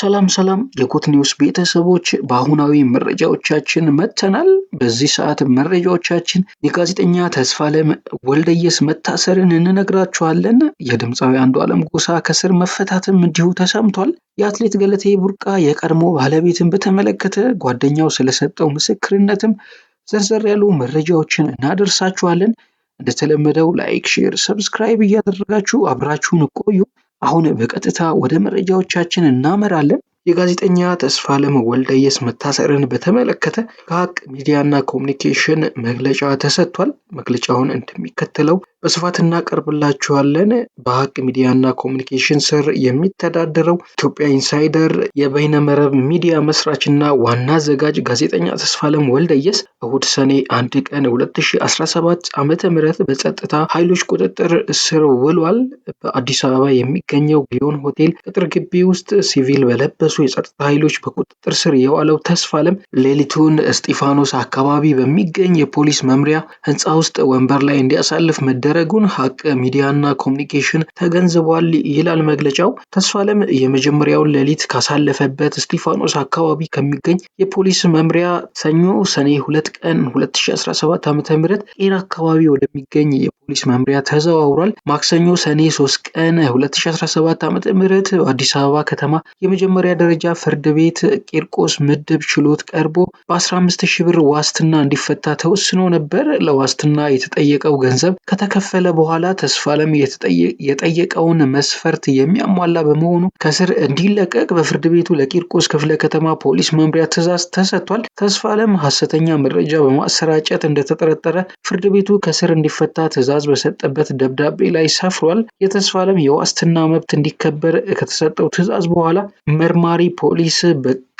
ሰላም ሰላም የኮት ኒውስ ቤተሰቦች በአሁናዊ መረጃዎቻችን መጥተናል። በዚህ ሰዓት መረጃዎቻችን የጋዜጠኛ ተስፋለም ወልደየስ መታሰርን እንነግራችኋለን። የድምፃዊ አንዱዓለም ጎሳ ከስር መፈታትም እንዲሁ ተሰምቷል። የአትሌት ገለቴ ቡርቃ የቀድሞ ባለቤትን በተመለከተ ጓደኛው ስለሰጠው ምስክርነትም ዘርዘር ያሉ መረጃዎችን እናደርሳችኋለን። እንደተለመደው ላይክ፣ ሼር፣ ሰብስክራይብ እያደረጋችሁ አብራችሁን ቆዩ። አሁን በቀጥታ ወደ መረጃዎቻችን እናመራለን። የጋዜጠኛ ተስፋለም ወልደየስ መታሰርን በተመለከተ ከሀቅ ሚዲያና ኮሚኒኬሽን መግለጫ ተሰጥቷል። መግለጫውን እንደሚከተለው በስፋት እናቀርብላችኋለን። በሀቅ ሚዲያና ኮሚኒኬሽን ስር የሚተዳደረው ኢትዮጵያ ኢንሳይደር የበይነመረብ ሚዲያ መስራችና ዋና አዘጋጅ ጋዜጠኛ ተስፋለም ወልደየስ እሁድ ሰኔ አንድ ቀን 2017 ዓ ም በጸጥታ ኃይሎች ቁጥጥር ስር ውሏል። በአዲስ አበባ የሚገኘው ቢዮን ሆቴል ቅጥር ግቢ ውስጥ ሲቪል በለበሱ የጸጥታ ኃይሎች በቁጥጥር ስር የዋለው ተስፋ አለም ሌሊቱን እስጢፋኖስ አካባቢ በሚገኝ የፖሊስ መምሪያ ህንፃ ውስጥ ወንበር ላይ እንዲያሳልፍ መደረጉን ሀቅ ሚዲያና ኮሚኒኬሽን ተገንዝቧል ይላል መግለጫው። ተስፋ አለም የመጀመሪያውን ሌሊት ካሳለፈበት እስጢፋኖስ አካባቢ ከሚገኝ የፖሊስ መምሪያ ሰኞ ሰኔ ሁለት ቀን 2017 ዓ ም ጤና አካባቢ ወደሚገኝ የፖሊስ መምሪያ ተዘዋውሯል። ማክሰኞ ሰኔ 3 ቀን 2017 ዓ ም አዲስ አበባ ከተማ የመጀመሪያ ደረጃ ፍርድ ቤት ቂርቆስ ምድብ ችሎት ቀርቦ በ15 ሺህ ብር ዋስትና እንዲፈታ ተወስኖ ነበር። ለዋስትና የተጠየቀው ገንዘብ ከተከፈለ በኋላ ተስፋለም የጠየቀውን መስፈርት የሚያሟላ በመሆኑ ከስር እንዲለቀቅ በፍርድ ቤቱ ለቂርቆስ ክፍለ ከተማ ፖሊስ መምሪያ ትዕዛዝ ተሰጥቷል። ተስፋለም ሐሰተኛ መረጃ በማሰራጨት እንደተጠረጠረ ፍርድ ቤቱ ከስር እንዲፈታ ትዕዛዝ በሰጠበት ደብዳቤ ላይ ሰፍሯል። የተስፋለም የዋስትና መብት እንዲከበር ከተሰጠው ትዕዛዝ በኋላ መርማ ተጨማሪ ፖሊስ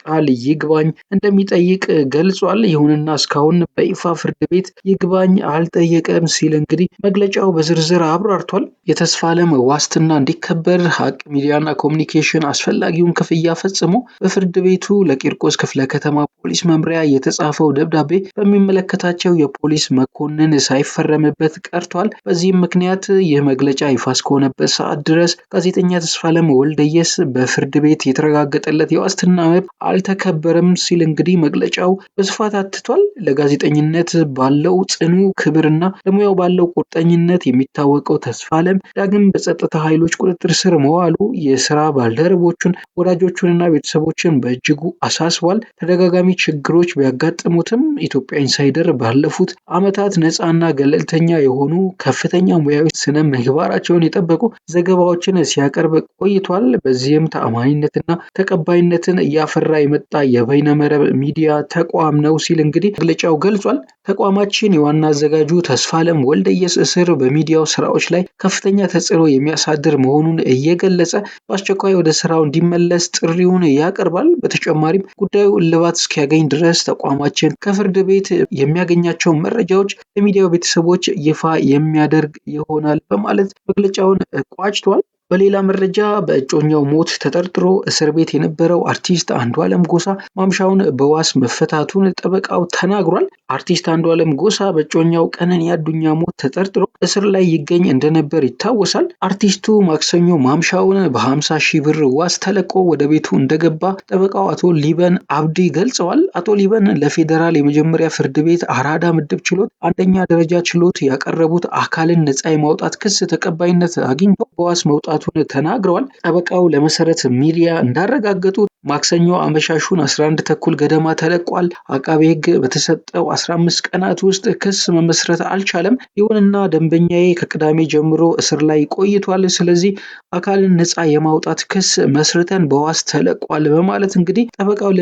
ቃል ይግባኝ እንደሚጠይቅ ገልጿል። ይሁንና እስካሁን በይፋ ፍርድ ቤት ይግባኝ አልጠየቀም ሲል እንግዲህ መግለጫው በዝርዝር አብራርቷል። የተስፋለም ዋስትና እንዲከበር ሀቅ ሚዲያና ኮሚኒኬሽን አስፈላጊውን ክፍያ ፈጽሞ በፍርድ ቤቱ ለቂርቆስ ክፍለ ከተማ ፖሊስ መምሪያ የተጻፈው ደብዳቤ በሚመለከታቸው የፖሊስ መኮንን ሳይፈረምበት ቀርቷል። በዚህም ምክንያት ይህ መግለጫ ይፋ እስከሆነበት ሰዓት ድረስ ጋዜጠኛ ተስፋለም ወልደየስ በፍርድ ቤት የተረጋገጠለት የዋስትና መብት አልተከበረም ሲል እንግዲህ መግለጫው በስፋት አትቷል። ለጋዜጠኝነት ባለው ጽኑ ክብርና ለሙያው ባለው ቁርጠኝነት የሚታወቀው ተስፋለም ዳግም በጸጥታ ኃይሎች ቁጥጥር ስር መዋሉ የስራ ባልደረቦቹን ወዳጆቹንና ቤተሰቦችን በእጅጉ አሳስቧል። ተደጋጋሚ ችግሮች ቢያጋጥሙትም ኢትዮጵያ ኢንሳይደር ባለፉት ዓመታት ነፃና ገለልተኛ የሆኑ ከፍተኛ ሙያዊ ስነ ምግባራቸውን የጠበቁ ዘገባዎችን ሲያቀርብ ቆይቷል። በዚህም ተአማኒነትና ተቀባይነትን እያፈራ የመጣ የበይነመረብ ሚዲያ ተቋም ነው ሲል እንግዲህ መግለጫው ገልጿል። ተቋማችን የዋና አዘጋጁ ተስፋለም ወልደየስ እስር በሚዲያው ስራዎች ላይ ከፍተኛ ተጽዕኖ የሚያሳድር መሆኑን እየገለጸ በአስቸኳይ ወደ ስራው እንዲመለስ ጥሪውን ያቀርባል። በተጨማሪም ጉዳዩ እልባት እስኪያገኝ ድረስ ተቋማችን ከፍርድ ቤት የሚያገኛቸው መረጃዎች ለሚዲያው ቤተሰቦች ይፋ የሚያደርግ ይሆናል በማለት መግለጫውን ቋጭቷል። በሌላ መረጃ በእጮኛው ሞት ተጠርጥሮ እስር ቤት የነበረው አርቲስት አንዱዓለም ጎሳ ማምሻውን በዋስ መፈታቱን ጠበቃው ተናግሯል። አርቲስት አንዱዓለም ጎሳ በእጮኛው ቀነኒ አዱኛ ሞት ተጠርጥሮ እስር ላይ ይገኝ እንደነበር ይታወሳል። አርቲስቱ ማክሰኞ ማምሻውን በሀምሳ ሺህ ብር ዋስ ተለቆ ወደ ቤቱ እንደገባ ጠበቃው አቶ ሊበን አብዲ ገልጸዋል። አቶ ሊበን ለፌዴራል የመጀመሪያ ፍርድ ቤት አራዳ ምድብ ችሎት አንደኛ ደረጃ ችሎት ያቀረቡት አካልን ነፃ የማውጣት ክስ ተቀባይነት አግኝቶ በዋስ መውጣት መነሳቱን ተናግረዋል። ጠበቃው ለመሰረት ሚዲያ እንዳረጋገጡ። ማክሰኞ አመሻሹን 11 ተኩል ገደማ ተለቋል። አቃቤ ሕግ በተሰጠው 15 ቀናት ውስጥ ክስ መመስረት አልቻለም። ይሁንና ደንበኛዬ ከቅዳሜ ጀምሮ እስር ላይ ቆይቷል፣ ስለዚህ አካልን ነፃ የማውጣት ክስ መስርተን በዋስ ተለቋል በማለት እንግዲህ ጠበቃው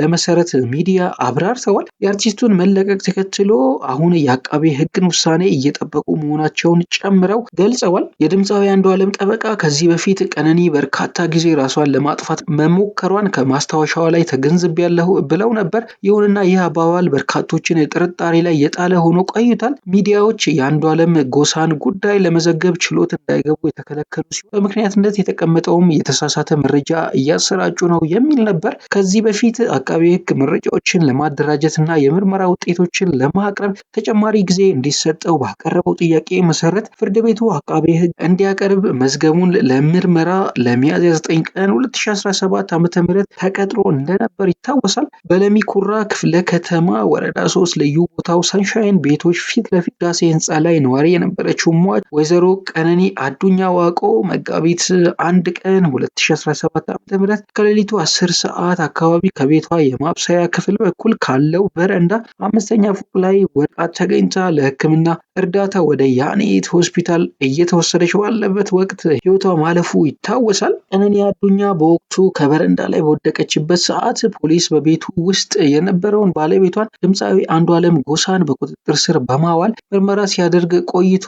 ለመሰረት ሚዲያ አብራርተዋል። የአርቲስቱን መለቀቅ ተከትሎ አሁን የአቃቤ ሕግን ውሳኔ እየጠበቁ መሆናቸውን ጨምረው ገልጸዋል። የድምፃዊ ዓለም ጠበቃ ከዚህ በፊት ቀነኒ በርካታ ጊዜ ራሷን ለማጥፋት መሞከሯል መሆኗን ከማስታወሻዋ ላይ ያለሁ ብለው ነበር። ይሁንና ይህ አባባል በርካቶችን ጥርጣሬ ላይ የጣለ ሆኖ ቆይቷል። ሚዲያዎች የአንዷለም ጎሳን ጉዳይ ለመዘገብ ችሎት እንዳይገቡ የተከለከሉ ሲሆን በምክንያትነት የተቀመጠውም የተሳሳተ መረጃ እያሰራጩ ነው የሚል ነበር። ከዚህ በፊት አቃቢ ሕግ መረጃዎችን ለማደራጀትና የምርመራ ውጤቶችን ለማቅረብ ተጨማሪ ጊዜ እንዲሰጠው ባቀረበው ጥያቄ መሰረት ፍርድ ቤቱ አቃቢ ሕግ እንዲያቀርብ መዝገቡን ለምርመራ ለሚያዝያ 9 ቀን 2017 ም ም ተቀጥሮ እንደነበር ይታወሳል። በለሚኩራ ክፍለ ከተማ ወረዳ 3 ልዩ ቦታው ሰንሻይን ቤቶች ፊት ለፊት ዳሴ ህንፃ ላይ ነዋሪ የነበረችው ሟች ወይዘሮ ቀነኒ አዱኛ ዋቆ መጋቢት አንድ ቀን 2017 ዓ.ም ከሌሊቱ 10 ሰዓት አካባቢ ከቤቷ የማብሰያ ክፍል በኩል ካለው በረንዳ አምስተኛ ፎቅ ላይ ወድቃ ተገኝታ ለህክምና እርዳታ ወደ ያኔት ሆስፒታል እየተወሰደች ባለበት ወቅት ህይወቷ ማለፉ ይታወሳል። ቀነኒ አዱኛ በወቅቱ ከበረንዳ ላይ በወደቀችበት ሰዓት ፖሊስ በቤቱ ውስጥ የነበረውን ባለቤቷን ድምፃዊ አንዱዓለም ጎሳን በቁጥጥር ስር በማዋል ምርመራ ሲያደርግ ቆይቶ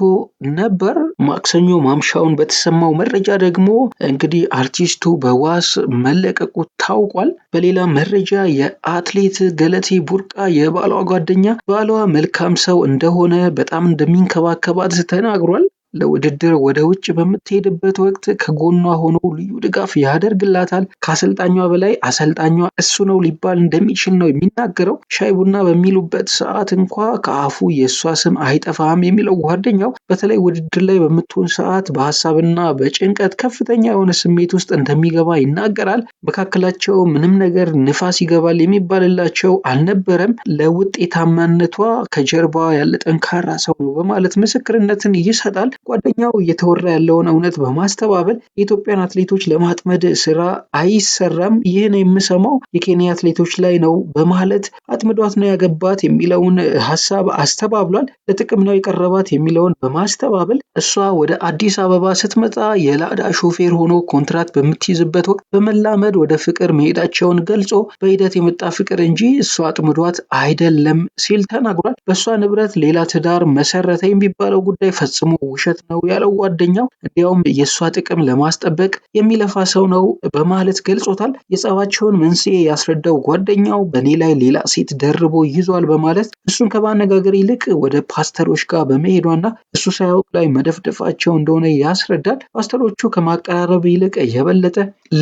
ነበር። ማክሰኞ ማምሻውን በተሰማው መረጃ ደግሞ እንግዲህ አርቲስቱ በዋስ መለቀቁ ታውቋል። በሌላ መረጃ የአትሌት ገለቴ ቡርቃ የባሏ ጓደኛ ባሏ መልካም ሰው እንደሆነ በጣም እንደሚንከባከባት ተናግሯል። ለውድድር ወደ ውጭ በምትሄድበት ወቅት ከጎኗ ሆኖ ልዩ ድጋፍ ያደርግላታል። ከአሰልጣኟ በላይ አሰልጣኟ እሱ ነው ሊባል እንደሚችል ነው የሚናገረው። ሻይ ቡና በሚሉበት ሰዓት እንኳ ከአፉ የእሷ ስም አይጠፋም የሚለው ጓደኛው በተለይ ውድድር ላይ በምትሆን ሰዓት በሀሳብና በጭንቀት ከፍተኛ የሆነ ስሜት ውስጥ እንደሚገባ ይናገራል። መካከላቸው ምንም ነገር ንፋስ ይገባል የሚባልላቸው አልነበረም። ለውጤታማነቷ ከጀርባ ያለ ጠንካራ ሰው ነው በማለት ምስክርነትን ይሰጣል። ጓደኛው እየተወራ ያለውን እውነት በማስተባበል የኢትዮጵያን አትሌቶች ለማጥመድ ስራ አይሰራም፣ ይህን የምሰማው የኬንያ አትሌቶች ላይ ነው በማለት አጥምዷት ነው ያገባት የሚለውን ሀሳብ አስተባብሏል። ለጥቅም ነው የቀረባት የሚለውን በማስተባበል እሷ ወደ አዲስ አበባ ስትመጣ የላዳ ሾፌር ሆኖ ኮንትራት በምትይዝበት ወቅት በመላመድ ወደ ፍቅር መሄዳቸውን ገልጾ በሂደት የመጣ ፍቅር እንጂ እሷ አጥምዷት አይደለም ሲል ተናግሯል። በእሷ ንብረት ሌላ ትዳር መሰረተ የሚባለው ጉዳይ ፈጽሞ ውሸት ስህተት ነው ያለው ጓደኛው እንዲያውም የእሷ ጥቅም ለማስጠበቅ የሚለፋ ሰው ነው በማለት ገልጾታል። የጸባቸውን መንስኤ ያስረዳው ጓደኛው በእኔ ላይ ሌላ ሴት ደርቦ ይዟል በማለት እሱን ከማነጋገር ይልቅ ወደ ፓስተሮች ጋር በመሄዷና እሱ ሳያውቅ ላይ መደፍደፋቸው እንደሆነ ያስረዳል። ፓስተሮቹ ከማቀራረብ ይልቅ የበለጠ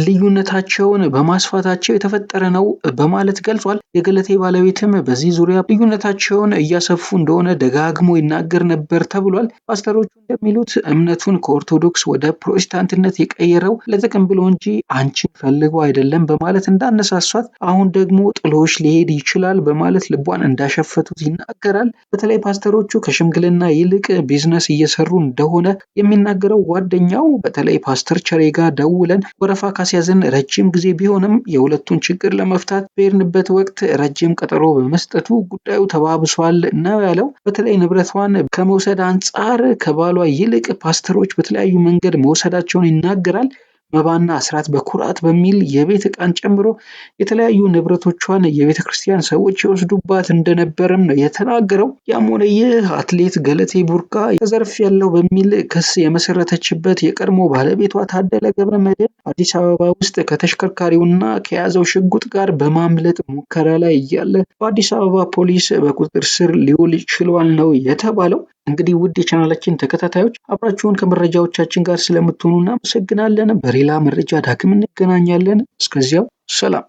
ልዩነታቸውን በማስፋታቸው የተፈጠረ ነው በማለት ገልጿል። የገለቴ ባለቤትም በዚህ ዙሪያ ልዩነታቸውን እያሰፉ እንደሆነ ደጋግሞ ይናገር ነበር ተብሏል። ፓስተሮቹ እንደሚሉት እምነቱን ከኦርቶዶክስ ወደ ፕሮቴስታንትነት የቀየረው ለጥቅም ብሎ እንጂ አንቺን ፈልጎ አይደለም በማለት እንዳነሳሷት፣ አሁን ደግሞ ጥሎሽ ሊሄድ ይችላል በማለት ልቧን እንዳሸፈቱት ይናገራል። በተለይ ፓስተሮቹ ከሽምግልና ይልቅ ቢዝነስ እየሰሩ እንደሆነ የሚናገረው ጓደኛው በተለይ ፓስተር ቸሬ ጋር ደውለን ወረፋ ካስያዘን ረጅም ጊዜ ቢሆንም የሁለቱን ችግር ለመፍታት በሄድንበት ወቅት ረጅም ቀጠሮ በመስጠቱ ጉዳዩ ተባብሷል ነው ያለው። በተለይ ንብረቷን ከመውሰድ አንጻር ከባሏ ይልቅ ፓስተሮች በተለያዩ መንገድ መውሰዳቸውን ይናገራል። መባና አስራት በኩራት በሚል የቤት ዕቃን ጨምሮ የተለያዩ ንብረቶቿን የቤተ ክርስቲያን ሰዎች ይወስዱባት እንደነበርም ነው የተናገረው። ያም ሆነ ይህ አትሌት ገለቴ ቡርቃ ተዘርፍ ያለው በሚል ክስ የመሰረተችበት የቀድሞ ባለቤቷ ታደለ ገብረ መድህን አዲስ አበባ ውስጥ ከተሽከርካሪውና ከያዘው ሽጉጥ ጋር በማምለጥ ሙከራ ላይ እያለ በአዲስ አበባ ፖሊስ በቁጥጥር ስር ሊውል ችሏል ነው የተባለው። እንግዲህ ውድ የቻናላችን ተከታታዮች አብራችሁን ከመረጃዎቻችን ጋር ስለምትሆኑ እናመሰግናለን። በሌላ መረጃ ዳግም እንገናኛለን። እስከዚያው ሰላም።